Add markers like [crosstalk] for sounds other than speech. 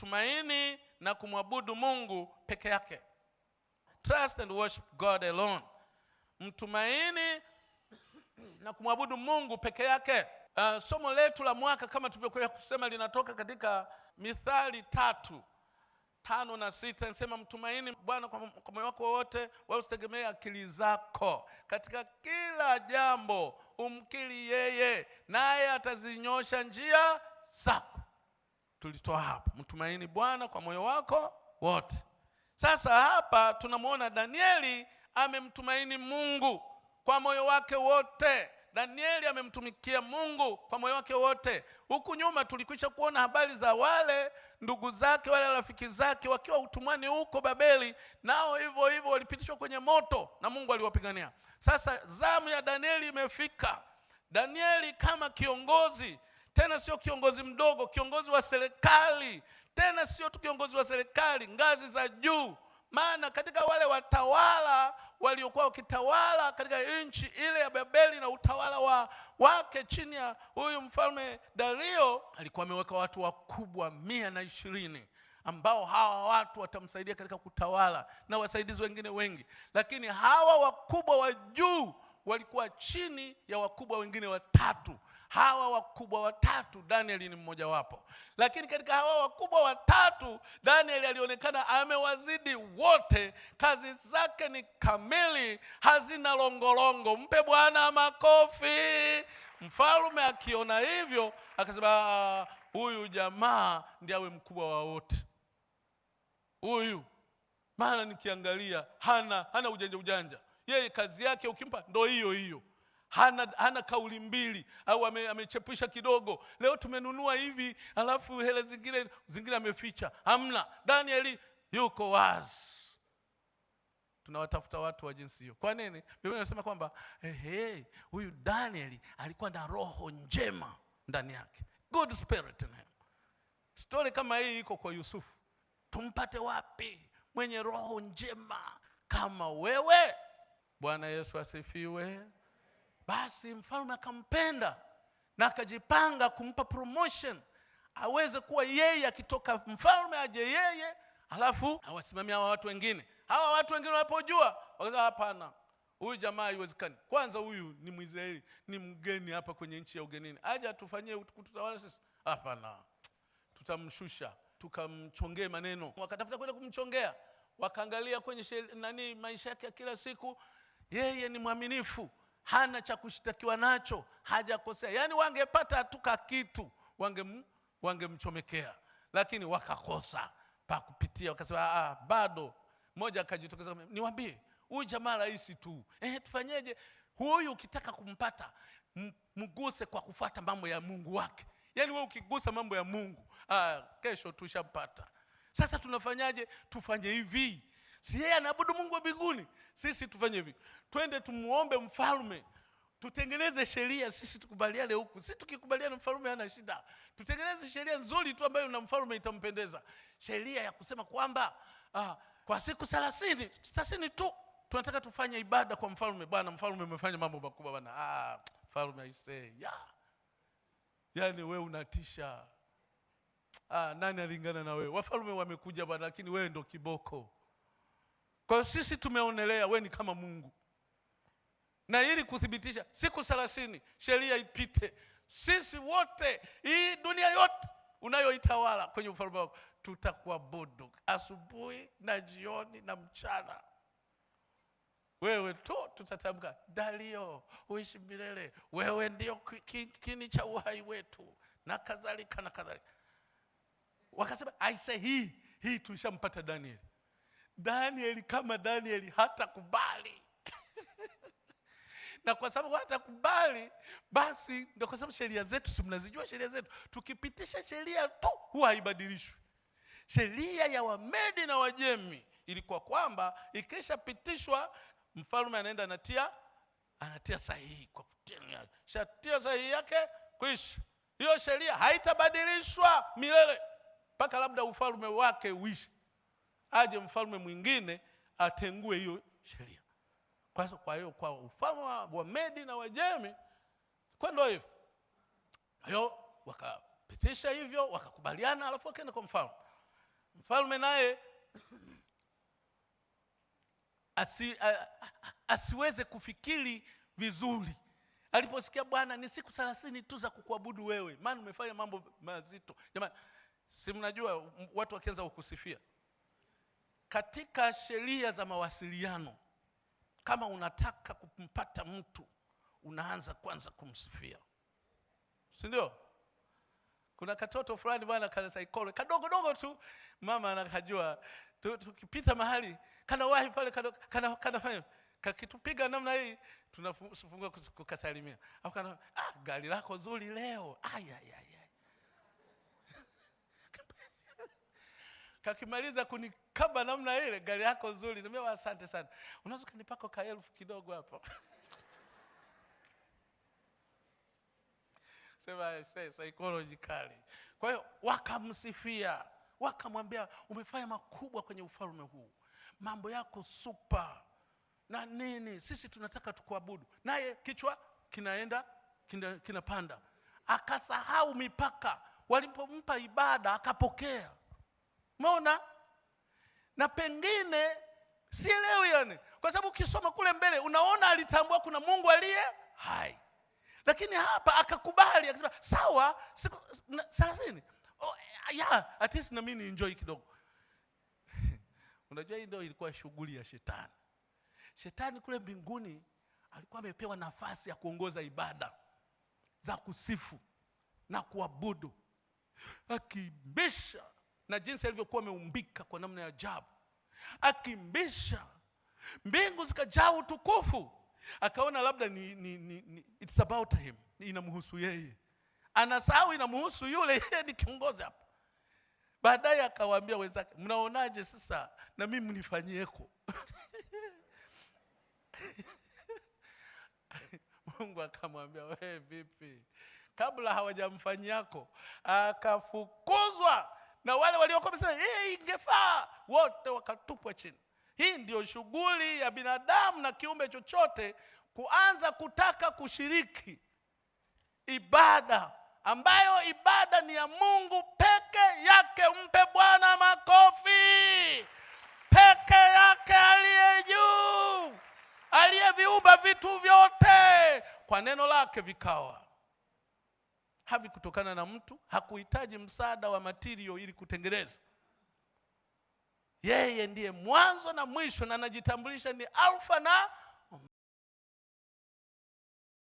kumtumaini na kumwabudu mungu peke yake trust and worship god alone mtumaini na kumwabudu mungu peke yake uh, somo letu la mwaka kama tulivyokuwa kusema linatoka katika mithali tatu tano na sita nasema mtumaini bwana kwa moyo wako wote wala usitegemee akili zako katika kila jambo umkili yeye naye atazinyosha njia zako tulitoa hapo, mtumaini Bwana kwa moyo wako wote. Sasa hapa tunamwona Danieli amemtumaini Mungu kwa moyo wake wote. Danieli amemtumikia Mungu kwa moyo wake wote. Huku nyuma tulikwisha kuona habari za wale ndugu zake wale rafiki zake wakiwa utumwani huko Babeli, nao hivyo hivyo walipitishwa kwenye moto na Mungu aliwapigania. Sasa zamu ya Danieli imefika. Danieli kama kiongozi tena sio kiongozi mdogo, kiongozi wa serikali, tena sio tu kiongozi wa serikali, ngazi za juu. Maana katika wale watawala waliokuwa wakitawala katika nchi ile ya Babeli na utawala wa wake chini ya huyu mfalme Dario, alikuwa ameweka watu wakubwa mia na ishirini ambao hawa watu watamsaidia katika kutawala na wasaidizi wengine wengi, lakini hawa wakubwa wa juu walikuwa chini ya wakubwa wengine watatu. Hawa wakubwa watatu Danieli ni mmojawapo, lakini katika hawa wakubwa watatu Danieli alionekana amewazidi wote. Kazi zake ni kamili, hazina longolongo. Mpe Bwana makofi. Mfalme akiona hivyo akasema, ah, huyu jamaa ndiye awe mkubwa wa wote huyu, maana nikiangalia hana hana ujanja ujanja yeye kazi yake ukimpa ndo hiyo hiyo hana, hana kauli mbili au ame, amechepusha kidogo. Leo tumenunua hivi, alafu hela zingine zingine ameficha, hamna. Danieli yuko wazi. Tunawatafuta watu wa jinsi hiyo. Kwa nini? Biblia inasema kwamba ehe, huyu Danieli alikuwa na roho njema ndani yake, good spirit in him. Stori kama hii iko kwa Yusufu. Tumpate wapi mwenye roho njema kama wewe? Bwana Yesu asifiwe. Basi mfalme akampenda na akajipanga kumpa promotion, aweze kuwa yeye akitoka mfalme aje yeye, alafu awasimamia hawa watu wengine. Hawa watu wengine walipojua wakasema, hapana, huyu jamaa haiwezekani. Kwanza huyu ni Mwisraeli, ni mgeni hapa kwenye nchi ya ugenini, aje atufanyie kututawala sisi? Hapana, tutamshusha, tukamchongee maneno. Wakatafuta kwenda kumchongea, wakaangalia kwenye nani, maisha yake ya kila siku yeye ni mwaminifu, hana cha kushtakiwa nacho, hajakosea. Yaani wangepata tuka kitu wangem, wangemchomekea, lakini wakakosa pa kupitia, wakasema ah, ah bado. Mmoja akajitokeza, niwaambie huyu jamaa rahisi tu. Eh, tufanyeje? Huyu ukitaka kumpata mguse kwa kufuata mambo ya Mungu wake. Yaani wewe ukigusa mambo ya Mungu, ah, kesho tushampata. Sasa tunafanyaje? Tufanye hivi, Si yeye anaabudu Mungu wa mbinguni? Sisi tufanye hivi, twende tumuombe mfalme, tutengeneze sheria, sisi tukubaliane huku. Sisi tukikubaliana, mfalme hana shida. Tutengeneze sheria nzuri tu ambayo na mfalme itampendeza, sheria ya kusema kwamba ah, kwa siku 30 thelathini tu tunataka tufanye ibada kwa mfalme. Bwana mfalme, umefanya mambo makubwa bwana. Ah, mfalme aisee, yeah. Yaani wewe unatisha. Ah, nani alingana na wewe? Wafalme wamekuja bwana, lakini wewe ndo kiboko. Kwa hiyo sisi tumeonelea we ni kama Mungu, na ili kuthibitisha siku thelathini sheria ipite, sisi wote, hii dunia yote unayoitawala kwenye ufalme wako, tutakuabudu asubuhi na jioni na mchana wewe tu tutatamka, Dario uishi milele, wewe ndio kini cha uhai wetu, na kadhalika na kadhalika. Wakasema aise, hii hii tulishampata Danieli. Danieli kama Danieli hatakubali [laughs] na kwa sababu hatakubali, basi ndio kwa sababu sheria zetu, si mnazijua sheria zetu, tukipitisha sheria tu huwa haibadilishwi. Sheria ya Wamedi na Wajemi ilikuwa kwamba ikishapitishwa mfalme anaenda anatia anatia sahihi kwa shatia sahihi yake kwisha, hiyo sheria haitabadilishwa milele mpaka labda ufalme wake uishi aje mfalme mwingine atengue hiyo sheria. Kwa hiyo kwa ufalme wa Medi na Wajemi kwendo hivyo, kwa hiyo wakapitisha hivyo, wakakubaliana, alafu akaenda kwa mfalme. Mfalme naye asi, asiweze kufikiri vizuri aliposikia bwana, ni siku thelathini tu za kukuabudu wewe, maana umefanya mambo mazito. Jamani, si mnajua watu wakianza kukusifia katika sheria za mawasiliano, kama unataka kumpata mtu unaanza kwanza kumsifia, si ndio? Kuna katoto fulani bwana, kana saikolo kadogodogo tu, mama anakajua, tukipita mahali kanawahi pale, kana kanafanya kakitupiga namna hii, tunafungua kukasalimia, au kana ah, gari lako zuri leo, ayayay kakimaliza kunikaba namna ile, gari yako nzuri, nimewa asante sana, unaweza ukanipako ka elfu kidogo hapo [laughs] sema psychologically. Kwa hiyo wakamsifia, wakamwambia umefanya makubwa kwenye ufalme huu, mambo yako super na nini, sisi tunataka tukuabudu. Naye kichwa kinaenda kinapanda, akasahau mipaka. Walipompa ibada akapokea. Umeona? Na pengine sielewi yani, kwa sababu ukisoma kule mbele unaona alitambua kuna Mungu aliye hai, lakini hapa akakubali akasema sawa, siku thelathini oh, yeah, at least na mimi enjoy kidogo [laughs] Unajua, hii ndio ilikuwa shughuli ya shetani. Shetani kule mbinguni alikuwa amepewa nafasi ya kuongoza ibada za kusifu na kuabudu, akimbisha na jinsi alivyokuwa ameumbika kwa namna ya ajabu, akimbisha mbingu zikajaa utukufu, akaona labda ni, ni, ni, ni, it's about him, inamhusu yeye, anasahau inamhusu yule, yeye ni kiongozi hapa. Baadaye akawaambia wenzake, mnaonaje sasa na mimi mnifanyieko? [laughs] Mungu akamwambia wewe vipi? Kabla hawajamfanyiako, akafukuzwa na wale waliokuwa wamesema hey, ingefaa, wote wakatupwa chini. Hii ndio shughuli ya binadamu na kiumbe chochote kuanza kutaka kushiriki ibada ambayo ibada ni ya Mungu peke yake. Mpe Bwana makofi. Peke yake aliye juu, aliyeviumba vitu vyote, kwa neno lake vikawa havi kutokana na mtu, hakuhitaji msaada wa matirio ili kutengeneza. Yeye ndiye mwanzo na mwisho, na anajitambulisha ni alfa na